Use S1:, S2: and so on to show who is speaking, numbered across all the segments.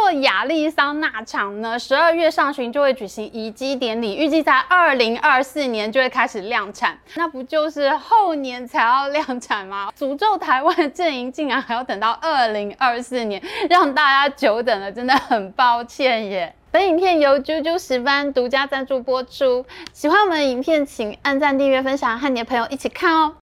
S1: 做亞利桑那場呢，十二月上旬就會舉行移機典禮，預計在二零二四年就會開始量產。那不就是後年才要量產嗎？詛咒台灣的陣營竟然還要等到二零二四年，讓大家久等了，真的很抱歉耶。本影片由啾啾石斑獨家贊助播出，喜歡我們的影片請按讚、訂閱、分享，和你的朋友一起看哦、喔。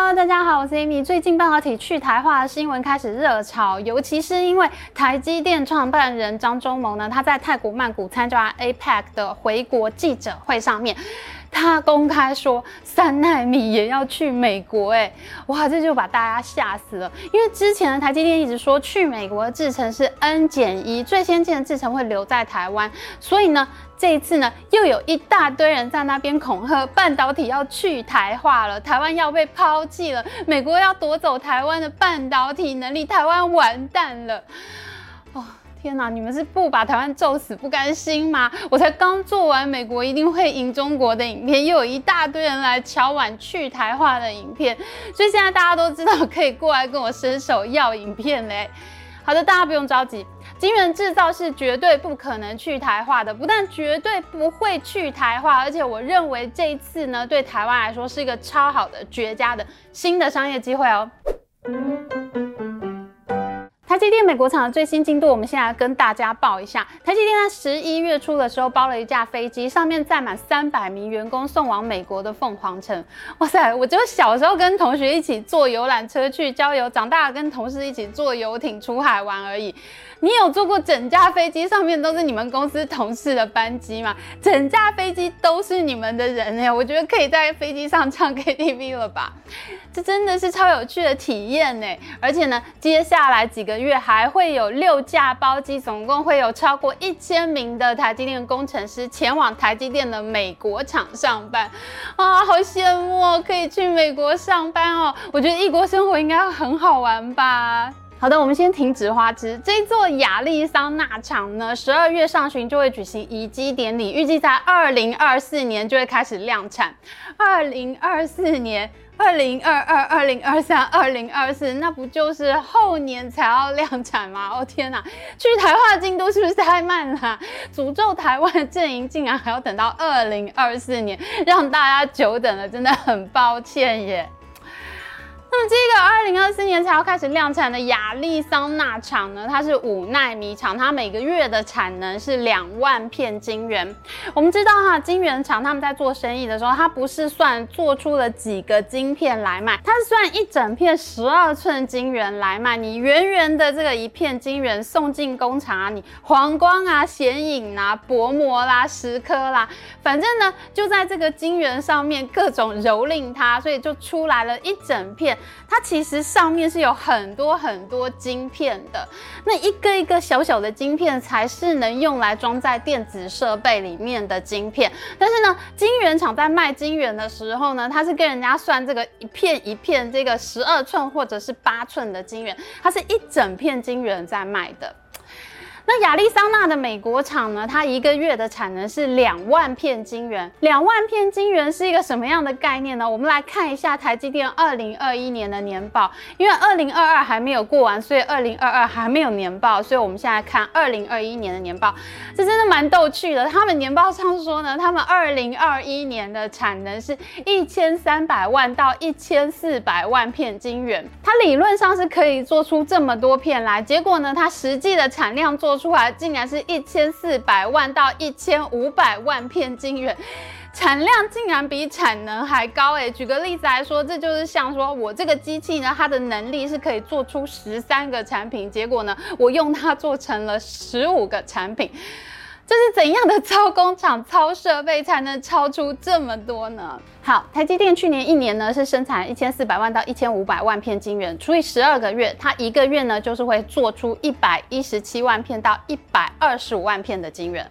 S1: Hello，大家好，我是 Amy。最近半導體去台化的新聞開始熱潮，尤其是因為台積電創辦人張忠謀呢，他在泰國曼谷參加 APEC 的回國記者會上面，他公開說三奈米也要去美國。欸，哎，哇，這就把大家嚇死了。因為之前的台積電一直說去美國的制程是 N 減一，1，最先進的制程會留在台灣，所以呢，這一次呢，又有一大堆人在那邊恐嚇，半導體要去台化了，台灣要被拋棄了，美國要奪走台灣的半導體能力，台灣完蛋了。天吶，你們是不把台灣揍死不甘心嗎？我才剛做完美國一定會贏中國的影片，又有一大堆人來敲碗去台化的影片，所以現在大家都知道可以過來跟我伸手要影片嘞。好的，大家不用着急，晶圓製造是絕對不可能去台化的，不但絕對不會去台化，而且我認為這一次呢，對台灣來說是一個超好的、絕佳的新的商業機會哦。台積電美國廠的最新進度，我們現在來跟大家報一下。台積電在十一月初的時候包了一架飛機，上面載滿三百名員工送往美國的鳳凰城。哇塞，我就小時候跟同學一起坐遊覽車去郊遊，長大了跟同事一起坐遊艇出海玩而已。你有坐過整架飛機上面都是你們公司同事的班機嗎？整架飛機都是你們的人欸，我覺得可以在飛機上唱 KTV 了吧？這真的是超有趣的體驗欸！而且呢，接下來幾個月還會有六架包機，總共會有超過一千名的台積電工程師前往台積電的美國廠上班。啊，好羨慕哦！可以去美國上班哦！我覺得異國生活應該很好玩吧？好的，我們先停止花痴。這座亞利桑那廠呢，十二月上旬就會舉行移機典禮，預計在二零二四年就會開始量產。二零二四年、二零二二、二零二三、二零二四，那不就是後年才要量產嗎？哦天哪、啊，去台化進度是不是太慢了？詛咒台灣的陣營竟然還要等到二零二四年，讓大家久等了，真的很抱歉耶。那麼、嗯、這個二零二四年才要開始量產的亞利桑那廠呢，它是五奈米廠，它每個月的產能是兩萬片晶圓。我們知道哈、啊，晶圓廠他們在做生意的時候，它不是算做出了幾個晶片來賣，它是算一整片十二寸晶圓來賣。你圓圓的這個一片晶圓送進工廠，啊，你黃光啊、顯影啊、薄膜啦、蝕刻啦，反正呢就在這個晶圓上面各種蹂躪它，所以就出來了一整片。它其實上面是有很多很多晶片的，那一個一個小小的晶片才是能用來裝在電子設備裡面的晶片。但是呢，晶圓廠在賣晶圓的時候呢，它是跟人家算這個一片一片，這個十二寸或者是八寸的晶圓，它是一整片晶圓在賣的。那亞利桑那的美國廠呢，它一個月的產能是兩萬片晶圓。兩萬片晶圓是一個什麼樣的概念呢？我們來看一下台積電二零二一年的年報，因為二零二二還沒有過完，所以二零二二還沒有年報，所以我們現在看二零二一年的年報。這真的蠻逗趣的。他們年報上說呢，他們二零二一年的產能是一千三百萬到一千四百萬片晶圓，它理論上是可以做出這麼多片來，結果呢，它實際的產量做出來竟然是一千四百萬到一千五百萬片晶圓，產量竟然比產能還高哎！舉個例子來說，這就是像說我這個機器呢，它的能力是可以做出十三個產品，結果呢，我用它做成了十五個產品。這是怎樣的超工廠、超設備才能超出這麼多呢？好，台積電去年一年呢是生產一千四百萬到一千五百萬片晶圓，除以十二個月，它一個月呢就是會做出一百一十七萬片到一百二十五萬片的晶圓。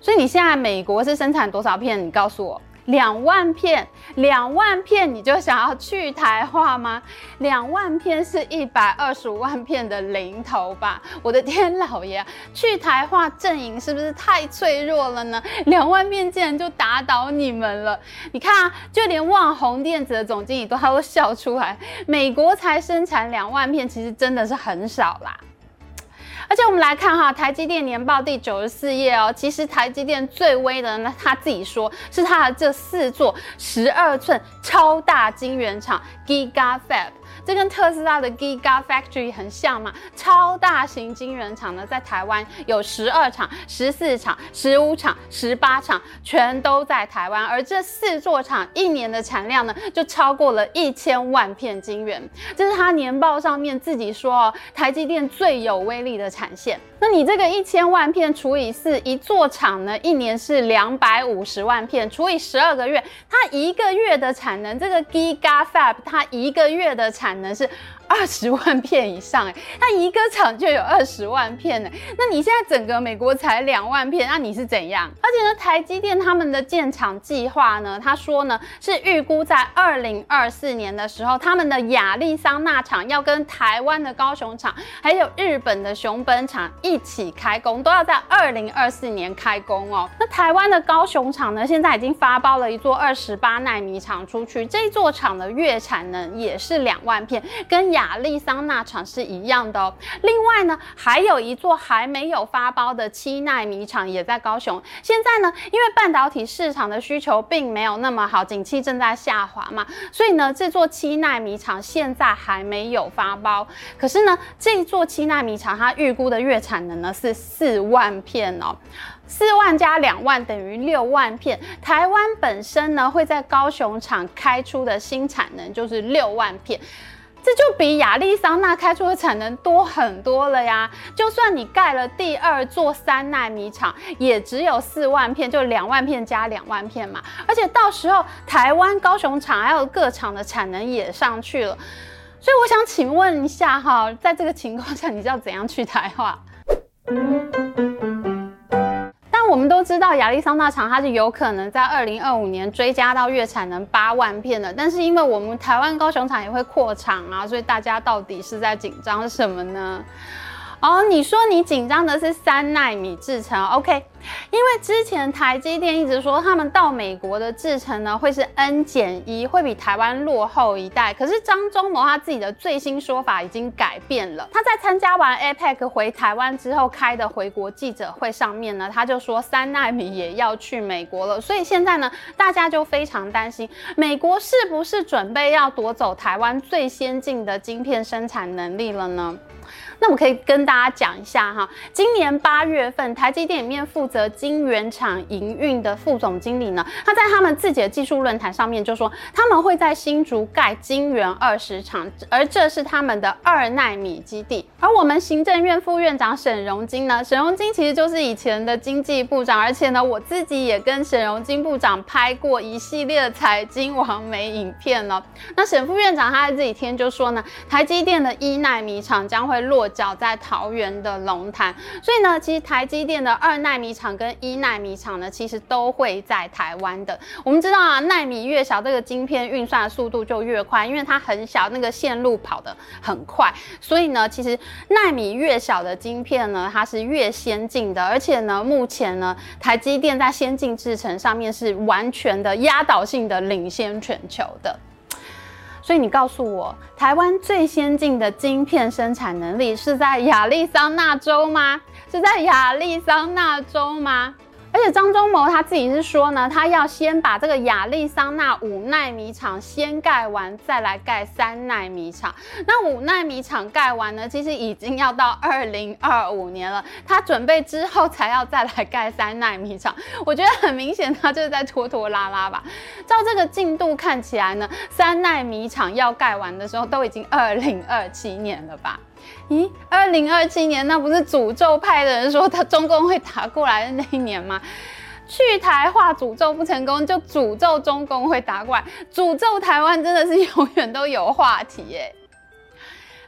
S1: 所以你現在美國是生產多少片？你告訴我。兩萬片，兩萬片，你就想要去台化嗎？兩萬片是一百二十五萬片的零頭吧？我的天老爺，去台化陣營是不是太脆弱了呢？兩萬片竟然就打倒你們了？你看，啊，就連旺宏電子的總經理都他都笑出來。美國才生產兩萬片，其實真的是很少啦。而且我們來看哈，台積電年報，第九十四頁哦，其實台積電最威的呢，那他自己說是他的這四座十二寸超大晶圓廠，Giga Fab。這跟特斯拉的 Gigafactory 很像嘛，超大型晶圓廠呢，在台灣有十二廠、十四廠、十五廠、十八廠，全都在台灣。而這四座廠一年的產量呢，就超過了一千萬片晶圓。這，就是它年報上面自己說哦，台積電最有威力的產線。那你這個一千萬片除以四，一座廠呢，一年是兩百五十萬片，除以十二個月，它一個月的產能，這個 Gigafab 它一個月的產能。可能是。二十萬片以上、欸，哎，那一個廠就有二十萬片呢、欸。那你現在整個美國才兩萬片，那你是怎樣？而且呢，台積電他們的建廠計劃呢，他說呢是預估在二零二四年的時候，他們的亞利桑那廠要跟台灣的高雄廠還有日本的熊本廠一起開工，都要在二零二四年開工哦、喔。那台灣的高雄廠呢，現在已經發包了一座二十八奈米廠出去，這座廠的月產能也是兩萬片，跟。亞利桑那廠是一樣的喔。另外呢，還有一座還沒有發包的七奈米廠也在高雄。現在呢，因為半導體市場的需求並沒有那麼好，景氣正在下滑嘛，所以呢，這座七奈米廠現在還沒有發包。可是呢，這座七奈米廠它預估的月產能呢是四萬片哦，四萬加兩萬等於六萬片。台灣本身呢會在高雄廠開出的新產能就是六萬片。這就比亞利桑那開出的產能多很多了呀！就算你蓋了第二座三奈米廠，也只有四萬片，就兩萬片加兩萬片嘛。而且到時候台灣高雄廠還有各廠的產能也上去了，所以我想請問一下哈，在這個情況下，你知道怎樣去台化？嗯我們都知道亞利桑那廠它是有可能在二零二五年追加到月產能八萬片的，但是因為我們台灣高雄廠也會擴廠啊，所以大家到底是在緊張什麼呢？哦，你說你緊張的是三奈米製程，OK。因為之前台積電一直說他們到美國的制程呢會是 N 減一，會比台灣落後一代。可是張忠謀他自己的最新說法已經改變了。他在參加完 APEC 回台灣之後開的回國記者會上面呢，他就說三奈米也要去美國了。所以現在呢，大家就非常擔心，美國是不是準備要奪走台灣最先進的晶片生產能力了呢？那我可以跟大家講一下哈，今年八月份台積電裡面負責。的晶圓廠營運的副總經理呢，他在他們自己的技術論壇上面就說，他們會在新竹蓋晶圓二十廠，而這是他們的二奈米基地。而我們行政院副院長沈榮津呢，沈榮津其實就是以前的經濟部長，而且呢，我自己也跟沈榮津部長拍過一系列的財經網美影片了。那沈副院長他在這幾天就說呢，台積電的一奈米廠將會落腳在桃園的龍潭，所以呢，其實台積電的二奈米廠廠跟一奈米廠呢，其實都會在台灣的。我們知道啊，奈米越小，這個晶片運算的速度就越快，因為它很小，那個線路跑得很快。所以呢，其實奈米越小的晶片呢，它是越先進的。而且呢，目前呢，台積電在先進製程上面是完全的壓倒性的領先全球的。所以你告訴我，台灣最先進的晶片生產能力是在亞利桑那州嗎？是在亞利桑那州嗎？而且張忠謀他自己是說呢，他要先把這個亞利桑那五奈米廠先蓋完，再來蓋三奈米廠。那五奈米廠蓋完呢，其實已經要到二零二五年了，他準備之後才要再來蓋三奈米廠。我覺得很明顯，他就是在拖拖拉拉吧。照這個進度看起來呢，三奈米廠要蓋完的時候，都已經二零二七年了吧。咦，二零二七年，那不是詛咒派的人說他中共會打過來的那一年嗎？去台化詛咒不成功，就詛咒中共會打過來，詛咒台灣真的是永遠都有話題耶。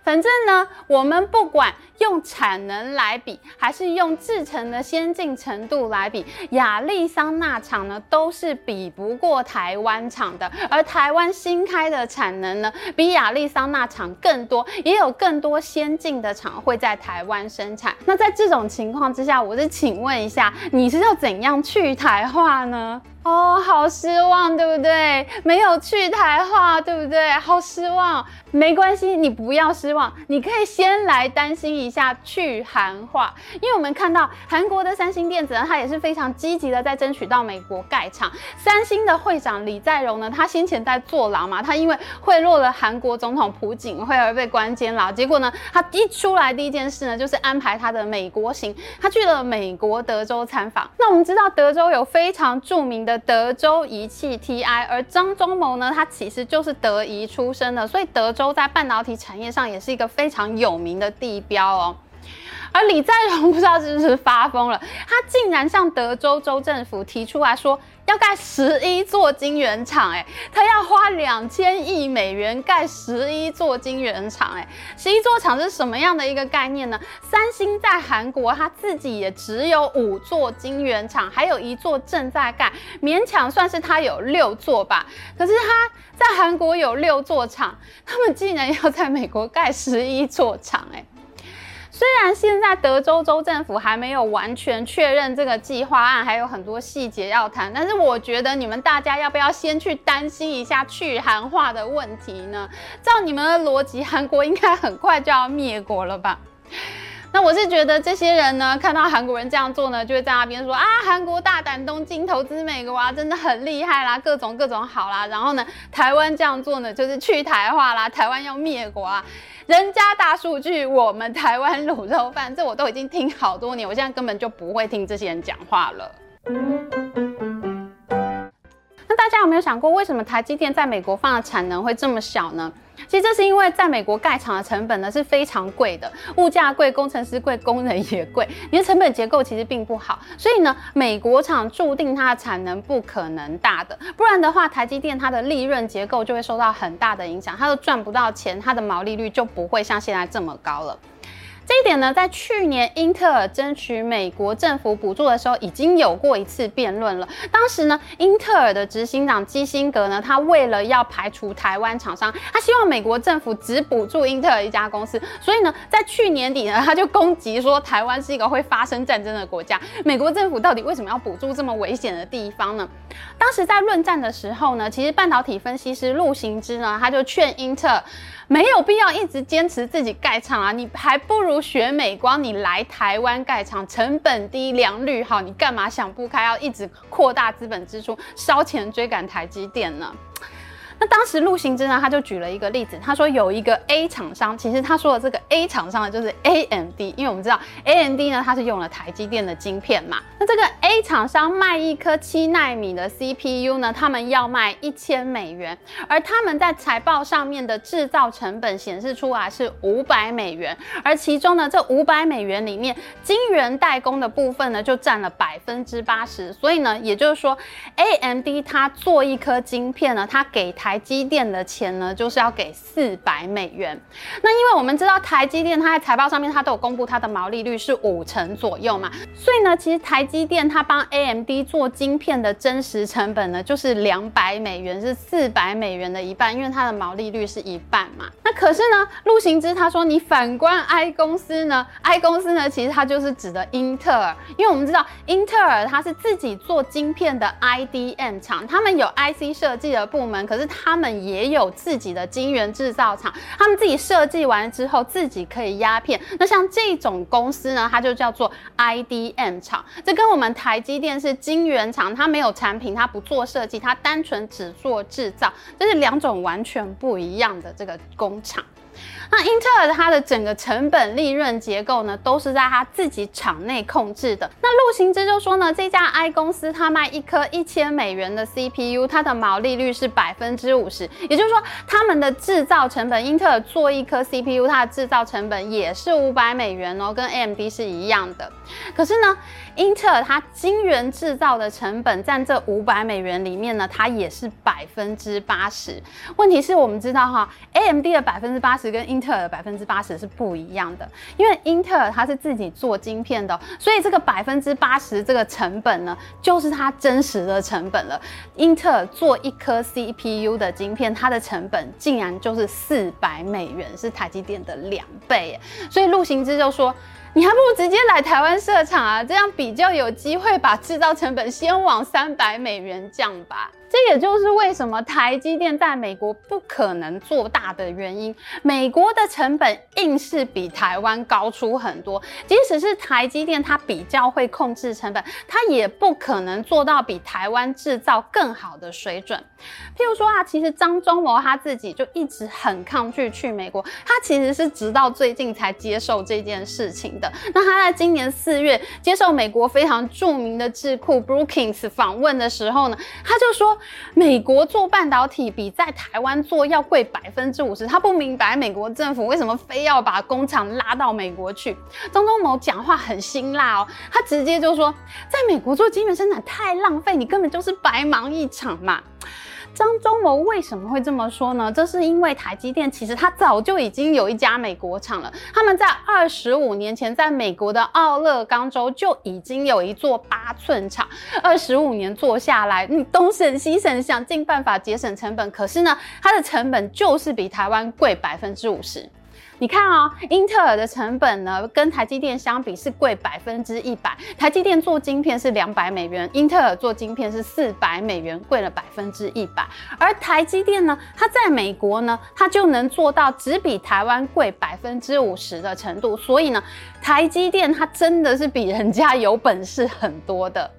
S1: 反正呢，我們不管用產能來比，還是用製程的先進程度來比，亞利桑那廠呢都是比不過台灣廠的。而台灣新開的產能呢，比亞利桑那廠更多，也有更多先進的廠會在台灣生產。那在這種情況之下，我是請問一下，你是要怎樣去台化呢？哦，好失望，對不對？沒有去台化，對不對？好失望。沒關係，你不要失望，你可以先來擔心一下去韓化，因為我們看到韓國的三星電子呢，它也是非常積極的在爭取到美國蓋廠。三星的會長李在鎔呢，他先前在坐牢嘛，他因為賄賂了韓國總統朴槿惠而被關監牢，結果呢，他一出來第一件事呢，就是安排他的美國行，他去了美國德州參訪。那我們知道德州有非常著名的。德州儀器 TI，而張忠謀呢，他其實就是德儀出身的，所以德州在半導體產業上也是一個非常有名的地標哦。而李在鎔不知道是不是發瘋了，他竟然向德州州政府提出來說。要蓋十一座晶圓廠，欸，哎，他要花兩千億美元蓋十一座晶圓廠，欸，哎，十一座廠是什麼樣的一個概念呢？三星在韓國，它自己也只有五座晶圓廠，還有一座正在蓋，勉強算是它有六座吧。可是它在韓國有六座廠，他們竟然要在美國蓋十一座廠，欸，哎。雖然現在德州州政府還沒有完全確認這個計劃案，還有很多細節要談，但是我覺得你們大家要不要先去擔心一下去韓化的問題呢？照你們的邏輯，韓國應該很快就要滅國了吧？那我是覺得這些人呢，看到韓國人這樣做呢，就會在那邊說啊，韓國大膽東進投資美國啊，真的很厲害啦，各種各種好啦、啊。然後呢，台灣這樣做呢，就是去台化啦，台灣要滅國啊。人家大數據，我們台灣滷肉飯，這我都已經聽好多年，我現在根本就不會聽這些人講話了。那大家有沒有想過，為什麼台積電在美國放的產能會這麼小呢？其實這是因為在美國蓋廠的成本呢，是非常貴的，物價貴、工程師貴、工人也貴，你的成本結構其實並不好，所以呢，美國廠注定它的產能不可能大的，不然的話，台積電它的利潤結構就會受到很大的影響，它都賺不到錢，它的毛利率就不會像現在這麼高了。這一點呢，在去年英特爾爭取美國政府補助的時候，已經有過一次辯論了。當時呢，英特爾的執行長基辛格呢，他為了要排除台灣廠商，他希望美國政府只補助英特爾一家公司。所以呢，在去年底呢，他就攻擊說台灣是一個會發生戰爭的國家。美國政府到底為什麼要補助這麼危險的地方呢？當時在論戰的時候呢，其實半導體分析師陸行之呢，他就勸英特爾，沒有必要一直堅持自己蓋廠啊，你還不如學美光，你來台灣蓋廠，成本低，良率好，你幹嘛想不開要一直擴大資本支出，燒錢追趕台積電呢？那當時陸行之呢，他就舉了一個例子，他說有一個 A 廠商，其實他說的這個 A 廠商呢，就是 AMD，因為我們知道 AMD 呢，它是用了台積電的晶片嘛。那這個 A 廠商賣一顆七奈米的 CPU 呢，他們要賣一千美元，而他們在財報上面的製造成本顯示出啊，是五百美元，而其中呢，這五百美元裡面，晶圓代工的部分呢，就佔了百分之八十。所以呢，也就是說 AMD 它做一顆晶片呢，它給台台積電的錢呢，就是要給四百美元。那因為我們知道台積電，它在財報上面，它都有公布它的毛利率是五成左右嘛。所以呢，其實台積電它幫 AMD 做晶片的真實成本呢，就是兩百美元，是四百美元的一半，因為它的毛利率是一半嘛。那可是呢，陸行之他說，你反觀 I 公司呢，I 公司呢，其實它就是指的英特爾，因為我們知道英特爾它是自己做晶片的 IDM 廠，他們有 IC 設計的部門，可是它。他們也有自己的晶圓製造廠，他們自己設計完之後，自己可以壓片。那像這種公司呢，它就叫做 IDM 廠。這跟我們台積電是晶圓廠，它沒有產品，它不做設計，它單純只做製造，這、就是兩種完全不一樣的這個工廠。那英特爾它的整個成本利潤結構呢，都是在它自己廠內控制的。那陸行之就說呢，這家 I 公司它賣一顆一千美元的 CPU，它的毛利率是百分之五十，也就是說，他們的製造成本，英特爾做一顆 CPU，它的製造成本也是五百美元哦，跟 AMD 是一樣的。可是呢？英特爾它晶圓制造的成本占這五百美元裡面呢，它也是百分之八十。問題是，我們知道哈，AMD 的百分之八十跟英特爾的百分之八十是不一樣的，因為英特爾它是自己做晶片的，所以這個百分之八十這個成本呢，就是它真實的成本了。英特爾做一顆 CPU 的晶片，它的成本竟然就是四百美元，是台積電的兩倍。所以陸行之就說。你還不如直接來台灣設廠啊，這樣比較有機會把製造成本先往三百美元降吧。這也就是為什麼台積電在美國不可能做大的原因。美國的成本硬是比台灣高出很多，即使是台積電，它比較會控制成本，它也不可能做到比台灣製造更好的水準。譬如說啊，其實張忠謀他自己就一直很抗拒去美國，他其實是直到最近才接受這件事情的。那他在今年四月接受美國非常著名的智庫 Brookings、ok、訪問的時候呢，他就說美國做半導體比在台灣做要貴百分之五十，他不明白美國政府為什麼非要把工廠拉到美國去。張忠謀講話很辛辣哦，他直接就說在美國做晶圓生產太浪費，你根本就是白忙一場嘛。張忠謀為什麼會這麼說呢？這是因為台積電其實它早就已經有一家美國廠了。他們在二十五年前在美國的奧勒岡州就已經有一座八寸廠。二十五年做下來，你東省西省想盡辦法節省成本，可是呢，它的成本就是比台灣貴百分之五十。你看啊、哦，英特爾的成本呢，跟台積電相比是貴百分之一百。台積電做晶片是兩百美元，英特爾做晶片是四百美元，貴了百分之一百。而台積電呢，它在美國呢，它就能做到只比台灣貴百分之五十的程度。所以呢，台積電它真的是比人家有本事很多的。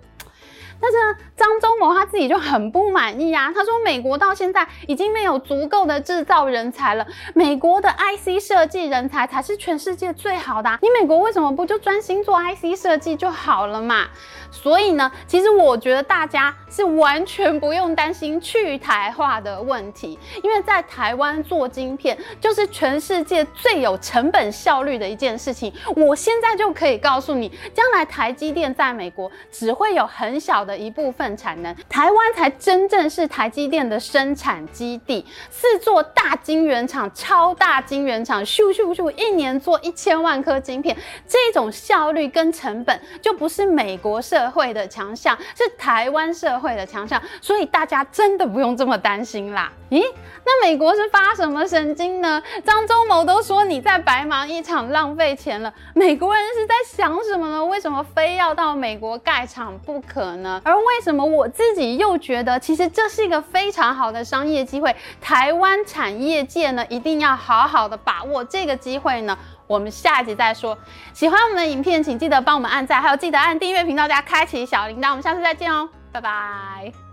S1: 但是呢，張忠謀他自己就很不滿意啊。他說：“美國到現在已經沒有足夠的製造人才了，美國的 IC 設計人才才是全世界最好的啊。你美國為什麼不就專心做 IC 設計就好了嘛？”所以呢，其實我覺得大家是完全不用擔心去台化的問題，因為在台灣做晶片就是全世界最有成本效率的一件事情。我現在就可以告訴你，將來台積電在美國只會有很小。的一部分產能，台灣才真正是台積電的生產基地。四座大晶圓廠、超大晶圓廠，咻咻咻，一年做一千萬顆晶片，這種效率跟成本，就不是美國社會的強項，是台灣社會的強項。所以大家真的不用這麼擔心啦。咦、欸，那美國是發什麼神經呢？張忠謀都說你在白忙一場，浪費錢了。美國人是在想什麼呢？為什麼非要到美國蓋廠不可呢？而為什麼我自己又覺得，其實這是一個非常好的商業機會，台灣產業界呢，一定要好好的把握這個機會呢？我們下一集再說。喜歡我們的影片，請記得幫我們按讚，還有記得按訂閱頻道加開啟小鈴鐺。我們下次再見哦，拜拜。